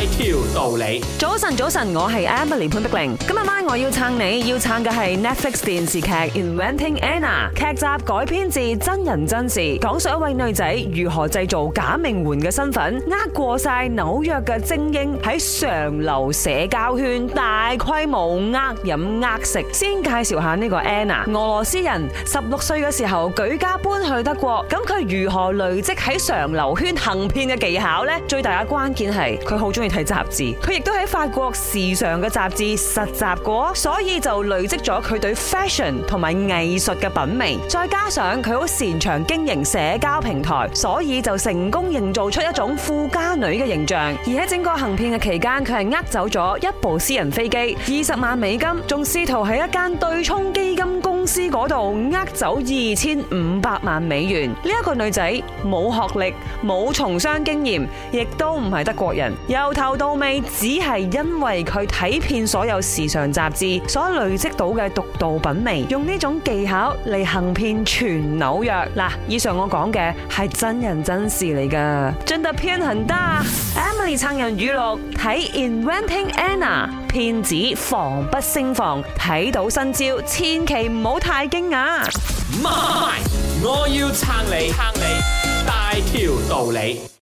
一條道理。早晨，早晨，我係 Emily 潘碧玲。今日晚我要撐你，要撐嘅係 Netflix 電視劇《Inventing Anna》。劇集改編自真人真事，講述一位女仔如何製造假名媛嘅身份，呃過晒紐約嘅精英喺上流社交圈大規模呃飲呃食。先介紹下呢個 Anna，俄羅斯人，十六歲嘅時候舉家搬去德國。咁佢如何累積喺上流圈行騙嘅技巧呢？最大嘅關鍵係佢好中意。睇雜誌，佢亦都喺法國時尚嘅雜誌實習過，所以就累積咗佢對 fashion 同埋藝術嘅品味。再加上佢好擅長經營社交平台，所以就成功營造出一種富家女嘅形象。而喺整個行騙嘅期間，佢係呃走咗一部私人飛機，二十萬美金，仲試圖喺一間對沖基金。知嗰度呃走二千五百萬美元？呢一個女仔冇學歷、冇從商經驗，亦都唔係德國人，由頭到尾只係因為佢睇遍所有時尚雜誌所累積到嘅獨到品味，用呢種技巧嚟行騙全紐約。嗱，以上我講嘅係真人真事嚟噶，盡得偏行得。撐人語錄，睇 Inventing Anna，騙子防不勝防，睇到新招，千祈唔好太驚訝。媽咪，我要撐你，撐你，大條道理。